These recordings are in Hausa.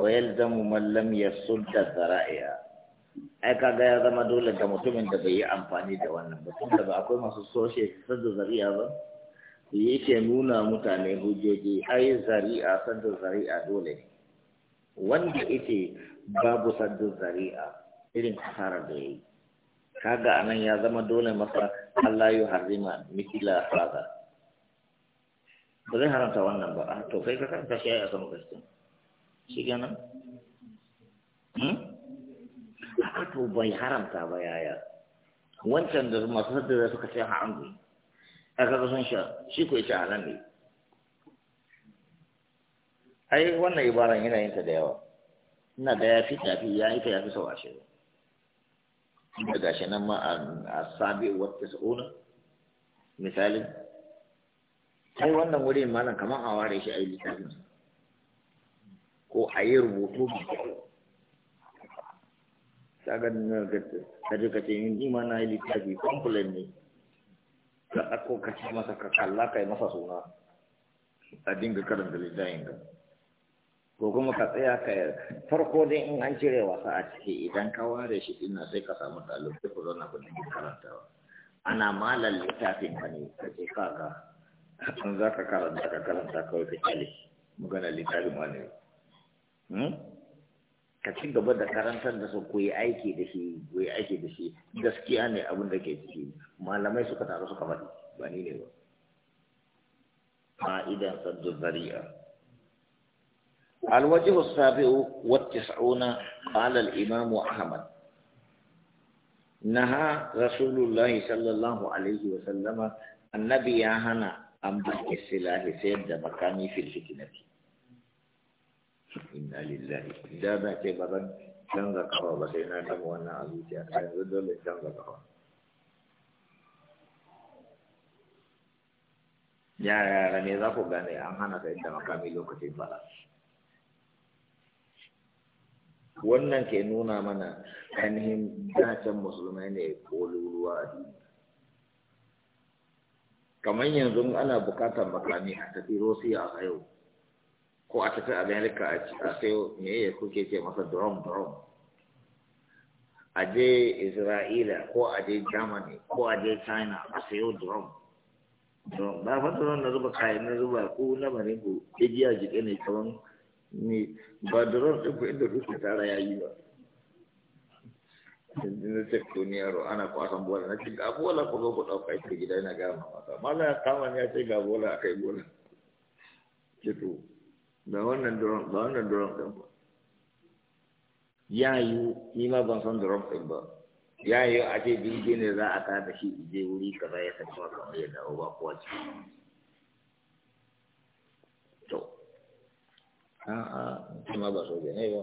ويلزم من لم يصد ذرائها ai kaga ya zama dole ga mutumin da bai yi amfani da wannan tun da ba akwai masu soshe sadda zari'a ba yake nuna mutane hujjoji ai zari'a sadda zari'a dole wanda yake babu sadda zari'a irin kasara da yayi kaga anan ya zama dole masa Allah ya harima mikila hada ba zai haramta wannan ba to kai ka kanta shi a sama gaskiya shi kenan hmm? to bai haramta ba yaya wancan da masu haddada suka ce ha an gwi a kaga sun sha shi ko yace halal ne ai wannan ibaran yana yin ta da yawa ina da yafi tafi ya yi ta yafi sau ashirin da gashi nan ma a sabi wata sa'una misali ai wannan wurin malam kamar a ware shi a yi littafin ko a yi rubutu mai kyau ta ka je ka ce ni ma na yi littafi complain ne ka ɗauko ka ci masa ka kalla ka yi masa suna a dinga karanta littafin ka ko kuma ka tsaya ka farko dai in an cire wasa a ciki idan ka ware shi ina sai ka samu ɗalibai ku zauna ku dinga karantawa ana malar littafin ka ne ka ce ka in za ka karanta ka karanta kawai ka kyale magana littafin wani ne Hmm? ka ci gaba da karantar da su ku yi aiki da shi ku yi aiki da shi gaskiya ne abin da ke ciki malamai suka taru suka faɗi ba ni ne ba ma'idan sadu zari'a alwajibu sabi'u safe wacce qala al imam ahmad Na ha rasulullahi sallallahu alaihi wa sallama annabi ya hana an ba'i silahi sayyid da makani fil fitnati inna lillahi da ba ke ba zan canza kawa ba sai na gama wannan a zuciya ta yanzu dole canza kafa yara yara ne za ku gane an hana ka inda makami lokacin bala wannan ke nuna mana ainihin dacen musulmai ne kololuwa a duniya kamar yanzu ana bukatar makami a tafi rosiya a yau ko a tafi america a sayo me ya kuke ce masa drum drum a je isra'ila ko a je germany ko a je china a sayo drum drum ba fa drum na zuba kayan na zuba ko na marin ku igiya jike ne kaman ni ba drum din ku inda kuke tara yayi ba na ce ko ni yaro ana kwasan bola na ce ga bola ku zo ku dauka ita gida ina ga mama ta mala kama ne ya ce ga bola akai bola kito Da wannan duron ba wannan duron ɗin ba ya yi ni ma ban san duron ɗin ba ya yi a ce jirgi ne za a kada shi je wuri kaza ya san cewa kamar ya dawo ba kowa ce to a'a kuma ba soja ne ba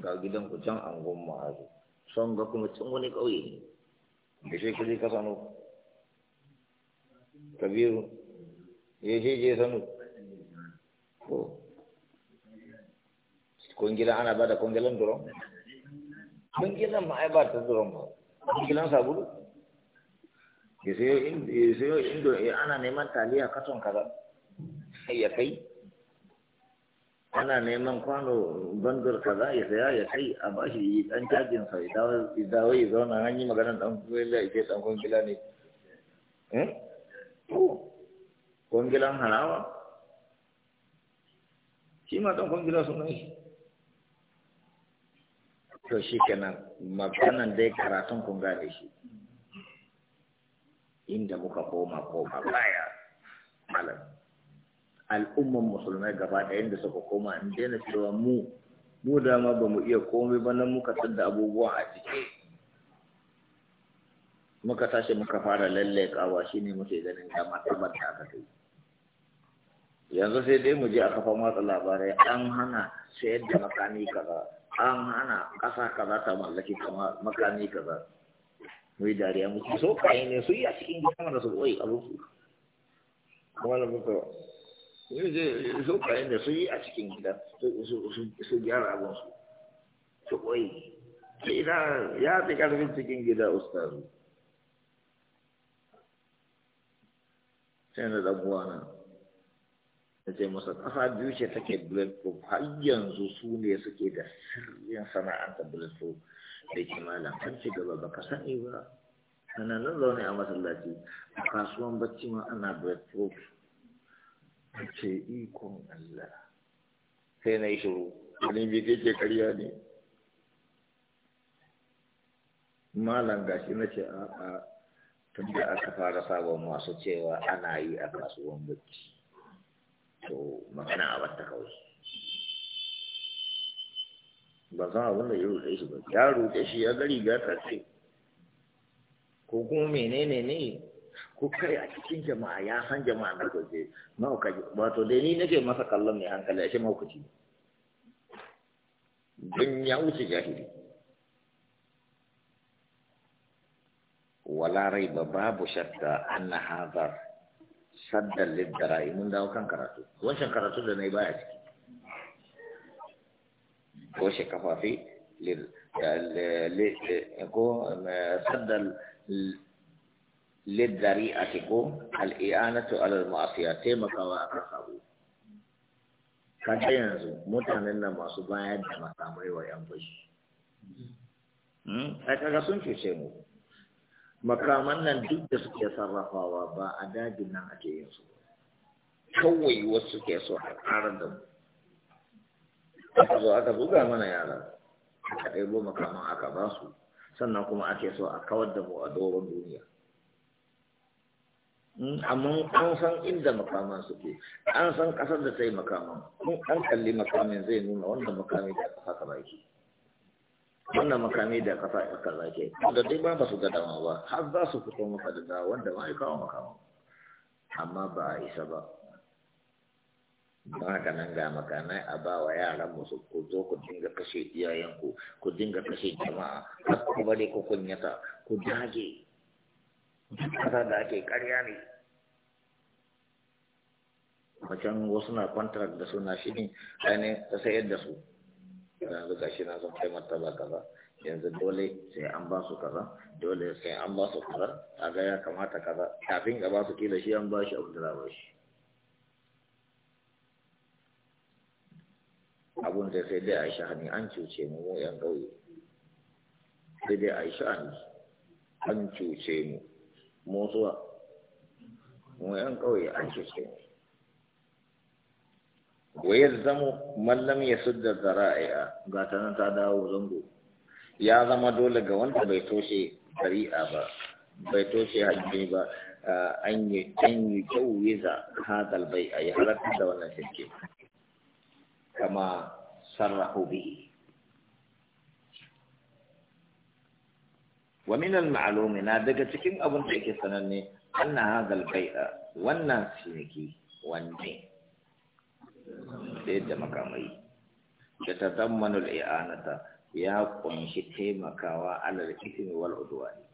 ga gidan ku can an gomma a son ga kuma can wani ƙauye ne da shi kuli ka sanu kabiru ya shi je sanu ko kungilan ana bada kongilan kungilan duron kungilan ma ai ba ta sabulu? ba kungilan in ya sayo indo e ana neman taliya katon kaza ya kai ana neman kwano bandur kaza ya saya ya kai a bashi yi dan cajin sa idawo ya zauna an yi magana dan kungila ya ce dan kungila ne eh kungilan halawa shi ma ɗan kwangila sunan shi to shi kenan maganan dai karatun kun gane shi inda muka koma koma baya malam al'umman musulmai gaba ɗaya inda suka koma in daina cewa mu mu dama ba mu iya komai ba nan muka da abubuwa a cike. muka tashi muka fara lalle kawa shine muke ganin ga martabar da aka kai yanzu sai dai mu je a kafan watsa labarai an hana sayar da makami kaza an hana ƙasa kaza ta mallaki makami kaza mu yi dariya mu so kayi ne su yi a cikin gida mana su "Oi, abin su kuma da muka so kayi ne su yi a cikin gida su gyara abin su su ɓoye idan ya fi ƙarfin cikin gida ustazu sai na ɗan uwana ta ce masa ƙasa biyu ce take bulletproof har yanzu su ne suke da sirrin sana'anta bulletproof da ke malam kan ci gaba ba ka sani ba ana nan zaune a masallaci a kasuwan bacci ma ana bulletproof ta ce ikon Allah sai na yi shiru wani bai ke karya ne malam gashi na ce a'a tun da aka fara sabon masu cewa ana yi a kasuwan bacci to magana a wata kawai ba za a wanda ya rute su ba ya rute shi ya gari ga tafi ko kuma menene ne ko kai a cikin jama'a ya san jama'a na gaje mahaukaci wato dai ni nake masa kallon mai hankali a shi mahaukaci don ya wuce jahili wala rai ba babu shakka an na hazar saddan liddarai mun dawo kan karatu wancan karatu da na yi baya ciki ko shi kafafi ko saddan liddari a ko al'i'anatu alal ma'afiya taimakawa a kan sabo kace yanzu mutanen nan masu bayar da makamai wa yan fashi ai kaga sun cuce mu makaman nan duk da suke sarrafawa ba a dajin nan ake yin su kawai wasu ke so a ƙara da mu aka zo aka buga mana yara aka ɗaibo makaman aka ba su sannan kuma ake so a kawar da mu a doron duniya hmm, amma an san inda makaman suke an san ƙasar da ta yi makaman kun an kalli makamin zai nuna wanda makamin da aka baki wannan makami da kasa a kaza ke da duk ba ba su ga dama ba har za su fito maka da dawa wanda ma ya kawo makama amma ba a isa ba ba ka nan ga makamai a ba wa yaran musu ku zo ku dinga kashe iyayenku ku dinga kashe jama'a har ku bari ku kunyata ku dage kasa da ake karya ne macen wasu na kwantar da suna shi ne ainihin sayar da su yanzu gashi na son kai martaba kaza yanzu dole sai an ba su kaza dole sai an ba su kaza a ga ya kamata kaza kafin ga ba su kila shi an ba shi abu da ba shi abun da sai dai Aisha shahani an cuce mu mu yan gauye sai dai Aisha shahani an cuce mu mu zuwa mu yan gauye an cuce mu wa ya yalzamu man lam yasudda zara'a ga ta nan ta dawo zango ya zama dole ga wanda bai toshe dari'a ba bai toshe hajji ba an yi an yi jawiza hadal bai a yi halatta da wannan shirke. kama sarrahu bihi wa min al na daga cikin abin da yake sananne anna hadal a wannan shirki wanne da yadda makamai da ta zammanu al'i'anata ya kunshi taimakawa alal ikin wal udwani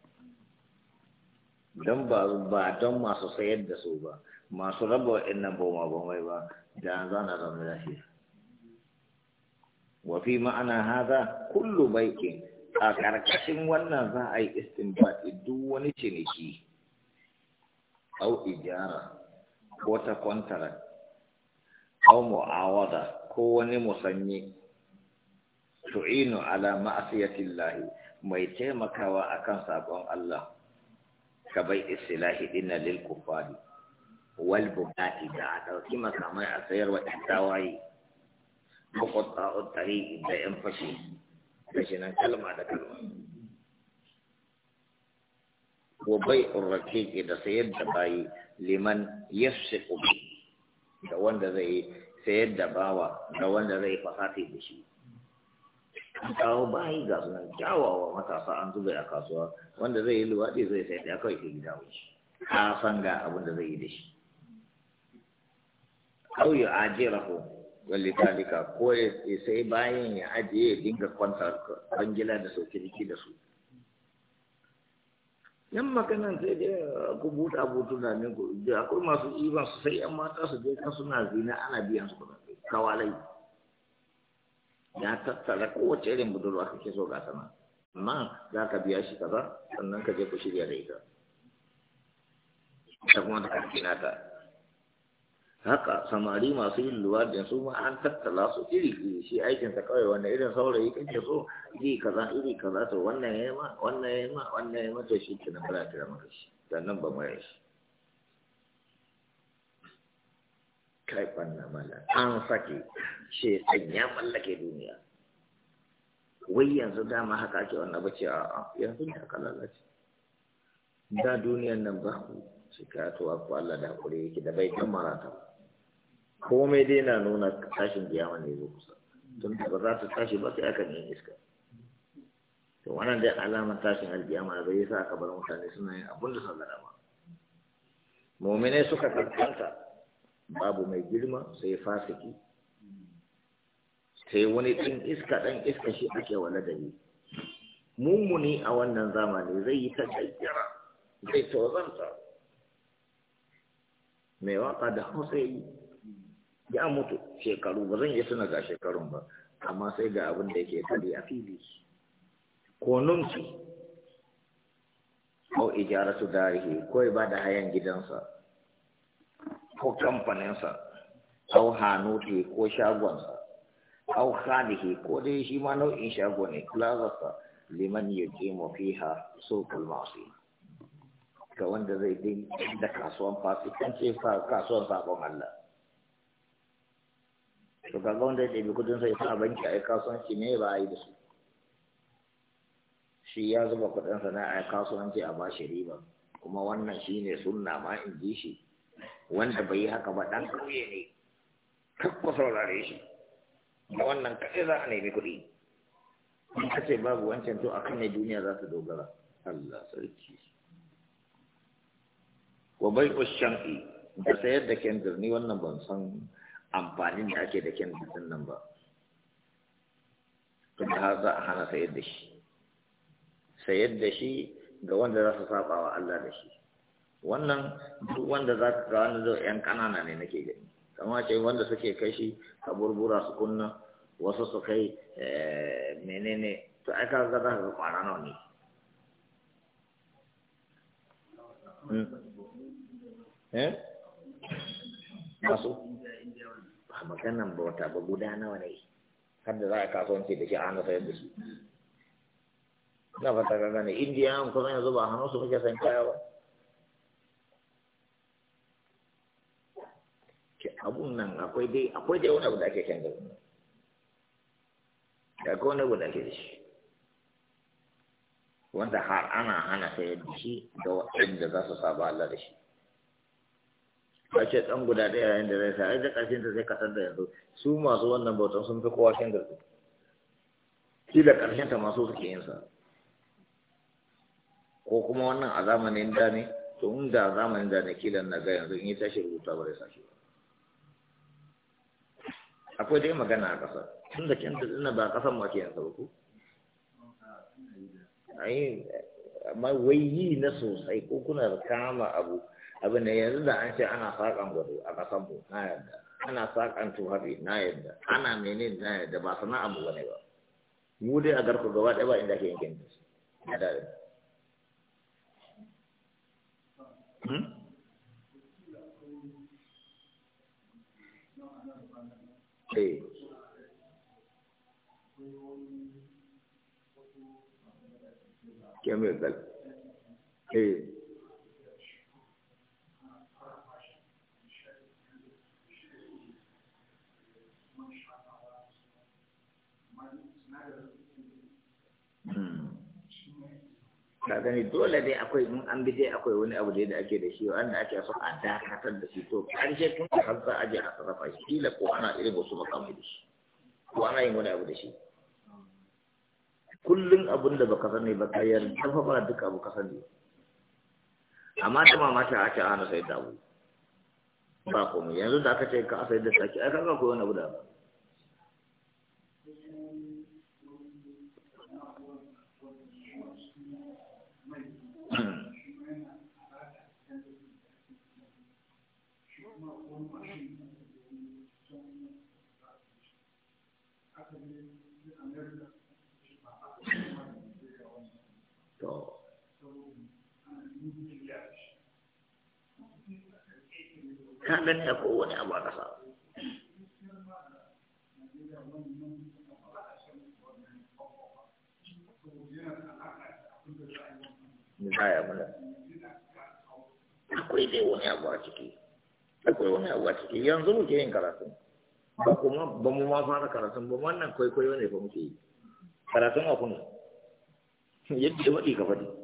don ba don masu sayar da su ba masu raba wa'annan boma bomai ba da an zana zaune lafiya wafi ma'ana haza kullu baiki a karkashin wannan za a yi istinbati duk wani ciniki au ijara ko ta contract aw mu'awada ko wani musanyi tu'inu ala ma'asiyati mai taimakawa akan sabon Allah ka bai islahi dinna lil kufari wal bukati da dauki makamai a sayar wa tawaye makwata tari da yan fashi da shi nan kalma da kalma wa bai urrake da sayar da bayi liman yasfiqu bihi da wanda zai sayar da bawa da wanda zai fasafi da shi an kawo bayi ga sunan kyawawa matasa an zube a kasuwa wanda zai yi luwaɗi zai sayar da kawai ke gida wuce ka san ga abin da zai yi da shi au jera ko, wali talika ko sai bayan ya ajiye ya dinga kwanta kwangila da sauke jiki da su yan maganan sai dai ku buɗe butu da ne ku je akwai masu iban su sai yan mata su je kan suna zina ana biyan su kawalai ya tattara kowace irin budurwa kake so ga sana amma za ka biya shi kaza sannan ka je ku shirya da ita ta kuma ta karfi nata haka samari masu yin luwaɗin su ma an tattala su iri iri shi aikin sa kawai wanda irin saurayi kake so iri kaza iri kaza to wannan ya yi ma wannan ya yi ma wannan ya ma to shi kenan ba ta maka shi sannan ba mai shi kai banna mala an sake shi an ya mallake duniya wai yanzu dama haka ake wannan ce a yanzu da haka lalace da duniyan nan ba ku shi ka ko Allah da hakuri yake da bai kan ta komai dai na nuna tashin kiyama ne zo kusa tun da ba za ta tashi ba sai aka yin iska to wannan dai alamar tashin alkiyama da yasa aka bar mutane suna yin abin da sallara ba mu'minai suka karkanta, babu mai girma sai fasiki sai wani ɗin iska dan iska shi ake wa ladabi mummuni a wannan zamani zai yi ta zai tozanta mai waka da hausa ya mutu shekaru ba zan iya suna ga shekarun ba amma sai ga abin da yake fadi a fili ko numfi ko su darihi ko ba da hayan gidansa ko kamfaninsa ko hanuti ko shagonsa ko khadihi ko dai shi ma nau'in shago ne kulazarsa liman ha fiha suqul yi. ga wanda zai dai da kasuwan fasikanci kasuwan sabon Allah to kaga wanda ya ɗabi kudin sai sa banki a kasuwanci ne ba a yi da su shi ya zuba kudin na a kasuwanci a bashi riba kuma wannan shi ne sunna ma in ji shi wanda bai yi haka ba ɗan ƙauye ne kakko saurare shi da wannan kaɗai za a nemi kuɗi in ka ce babu wancan to akan ne duniya za ta dogara Allah sarki wa bai ushan'i da sayar da kendir ni wannan ban san amfanin da ake da kendir din nan ba tun har za a hana sayar da shi sayar da shi ga wanda za su saba wa Allah da shi wannan duk wanda za ka ga wani yan kanana ne nake gani kama ce wanda suke kai shi a burbura su kunna wasu su kai eh, menene to ai kaga za ka ga kwana nawa ne hmm. eh masu ba maganan bauta ba guda nawa ne kada za a kasuwanci da shi a hannu sayar da su na fata ka gane indiyan kuma yanzu ba hannu su muke san kaya ba abun nan akwai dai akwai dai wani abu da ake canza wannan da akwai wani abu da ake shi wanda har ana hana sayar da shi ga waɗanda za su saba Allah da shi a ce ɗan guda ɗaya yayin da zai sa da ƙarfin ta zai kasar da yanzu su masu wannan bautan sun fi kowa shan garku shi da ƙarfin ta masu suke yin sa ko kuma wannan a zamanin da ne to in da zamanin da ne kilan na ga yanzu in yi tashi rubuta ba zai sa shi akwai dai magana a ƙasa. tun da kyan tuna ba a ƙasan ake yin sa ko ai amma wai yi na sosai ko kuna kama abu abin da yanzu da an ce ana saƙan gwado a ƙasan mu na yadda ana saƙan tufafi na yadda ana mene na yadda ba sana'a mu bane ba mu dai a garku gaba ɗaya ba inda ake yankin da su na da hmm? Eh. Kemikal. Eh. ka gani dole dai akwai in an bi dai akwai wani abu da ake da shi wanda ake so a dakatar da shi to karshe tun da har za a je a sarrafa shi kila ko ana irin wasu makamai da shi ko ana yin wani abu da shi kullum abun da baka sani ba ka yarda fa ba duka abu ka sani amma ta mamaki a ce ana sai da abu ba komai yanzu da aka ce ka sai da saki ai kaga ko wani abu da ba ka danna kowane abu a ƙasa akwai dai wani abu a ciki akwai wani abu a ciki yanzu muke yin karatu ba kuma ba mu ma fara karatun ba wannan kwaikwayo ne ba muke yi karatun a kuna yadda ya faɗi ka faɗi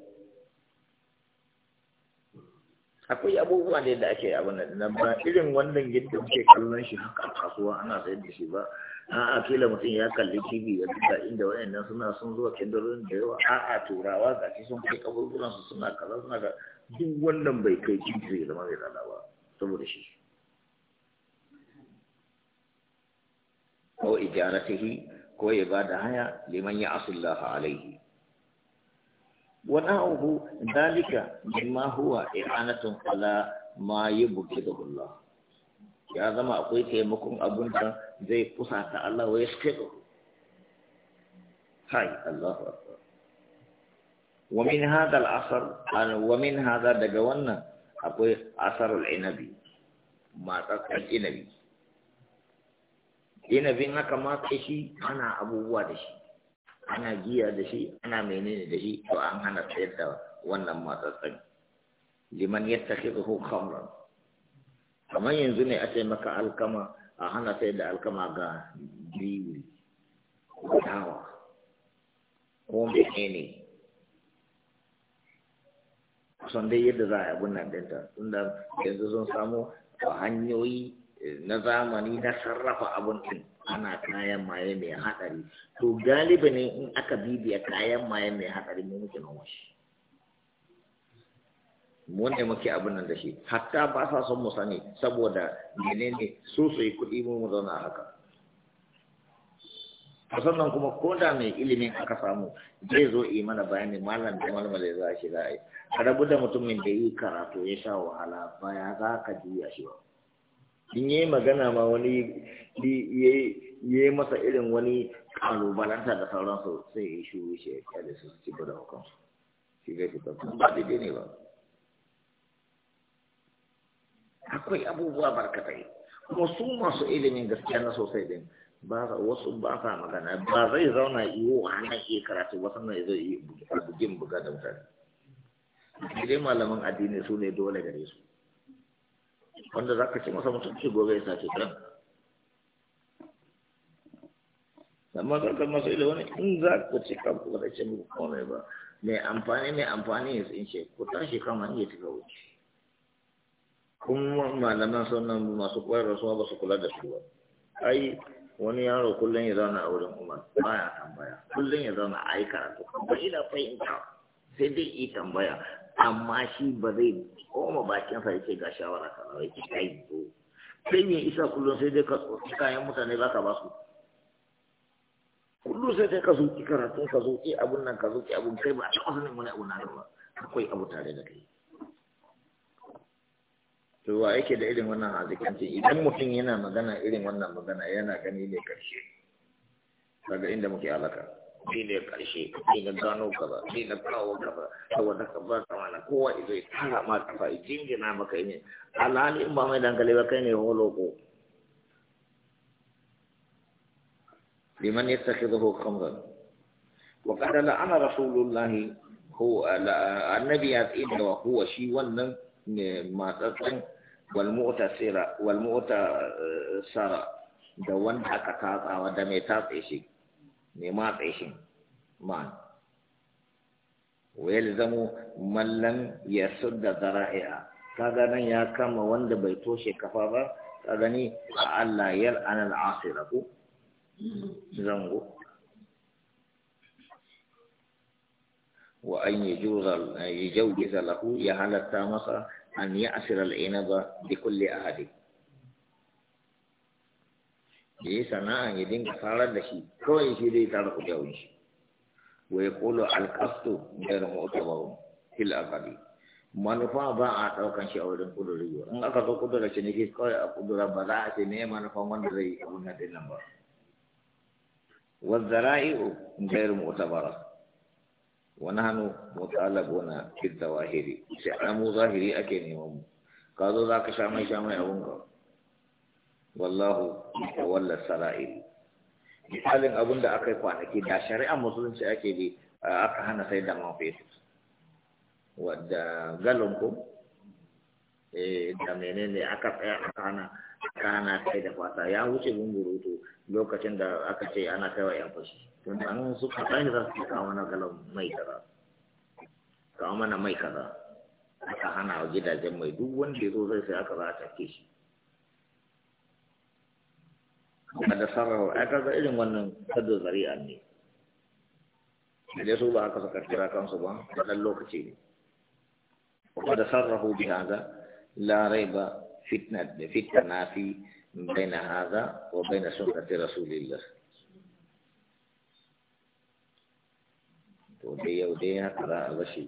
akwai abubuwa ne da ake abin nan ba irin wannan yadda muke kallon shi haka kasuwa ana sayar da shi ba a a kila mutum ya kalli tv ya duka inda wayannan suna sun zuwa kindirin da yawa a a turawa ga shi sun kai kaburburan su suna kaza suna ga duk wannan bai kai kinki ya zama mai tsada ba saboda shi ko ijaratihi ko ya ba da haya liman ya asullaha alaihi wani awon hu dalika ne ma huwa ina kala ma yi buki da hula ya zama akwai taimakon abun da zai kusata Allah wa ya suke ɗo hai Allah wa ta wa min hada daga wannan akwai asar al'inabi ma tsakar inabi inabi na kamar ƙashi ana abubuwa da shi ana giya da shi ana menene da shi to an hana sayar da wannan matsatsin liman yattakhiduhu khamran kamar yanzu ne a ce maka alkama a hana sayar da alkama ga biyu dawa ko menene kusan dai yadda za a yi abin nan ɗinta tunda yanzu sun samu hanyoyi na zamani na sarrafa abincin. ana kayan maye mai haɗari to galibi ne in aka bibiya kayan maye mai haɗari mu muke nan mu ne muke abin nan da shi hatta ba sa son mu sani saboda menene su su yi kuɗi mu mu zauna haka a sannan kuma ko da mai ilimin aka samu zai zo yi mana bayani malam da malam da za shi za a yi rabu da mutumin da yi karatu ya sha wahala baya za ka juya shi ba in yi magana ma wani ya yi masa irin wani kalubalanta da sauransu sai ya shi wuce ya kyale su su ci da hukan shi ga shi ba ne ba akwai abubuwa barkatai kuma su masu ilimin gaskiya na sosai din ba wasu ba sa magana ba zai zauna iyo a nan ke karatu ba sannan zai yi bugin buga da mutane. gidan malaman addini su ne dole gare su. wanda za ka ci masa mutunci gobe ya sace kan amma ka masu ilo wani in za ku ci kan ku da cin komai ba mai amfani mai amfani ya tsince ku tashi kama ya ta ga wuce kuma malaman sannan masu da rasuwa ba su kula da su ba ai wani yaro kullum ya zauna a wurin umar baya tambaya kullum ya zauna a yi karatu ba ina fahimta sai dai yi tambaya amma shi ba zai koma bakin sa yake ga shawara ka ba yake kai ko sai me isa kullum sai dai ka tsoki kayan mutane ba ka ba su kullum sai dai ka zuki karatu ka zuki abun nan ka zuki abun kai ba a taɓa sanin wani abu na ba akwai abu tare da kai to wa yake da irin wannan hazikancin idan mutum yana magana irin wannan magana yana gani ne karshe daga inda muke alaka shi ne ƙarshe shi na gano gaba shi na kawo gaba saboda ka ba ka mana kowa ido ya tara ma kafa ya jingina maka ne alhali in ba mai dankali ba kai ne holoko liman ya saki zaho kamran wa kada la'ana rasulullahi ko annabi ya tsina wa huwa shi wannan matsatsin walmu'tasira sara da wanda aka tatsawa da mai tatse shi نماط لمطعهم ما ويلزم من لم يسد ذرائع كذا يا كما وند بيتوشي كفابا كذا ني على يل انا العاصره زنغو وأن يجوز يجوز له يهلك تامخا أن يأسر العنب بكل أهله da ya sana'a ya dinga sarar da shi kawai shi zai tara ku jawo shi wa ya al alkastu da ya mu'ta ba fil akabi manufa ba a daukan shi a wurin kudurin yau in aka zo kudurin shi ne ke kawai a kudurin ba za a ce ne manufa wanda zai yi abin nan din nan ba wazzara'i'u ghayr mu'tabara wa nahnu mutalabuna fi dawahiri sai amu zahiri ake neman mu ka zo zaka sha mai sha mai abun ka wallahu walla sara'il misalin abin da aka yi kwanaki da shari'ar musulunci ake bi aka hana sai da man wadda galon eh, da menene aka tsaya aka hana kana sai da kwasa ya wuce bungurutu lokacin da aka ce ana kaiwa yan fashi tun an ka tsaye za su kawo mana galon mai kaza kawo mana mai kaza aka hana gidajen mai duk wanda ya zo zai sai aka za a take shi da sarrafa a irin wannan sadda zari'a ne da su ba aka saka kira kansu ba da ɗan lokaci ne kuma da sarrafa bi haza larai ba fitna na fi bai na haza ko bai na sun kati rasulillah to yau dai haka za a bashi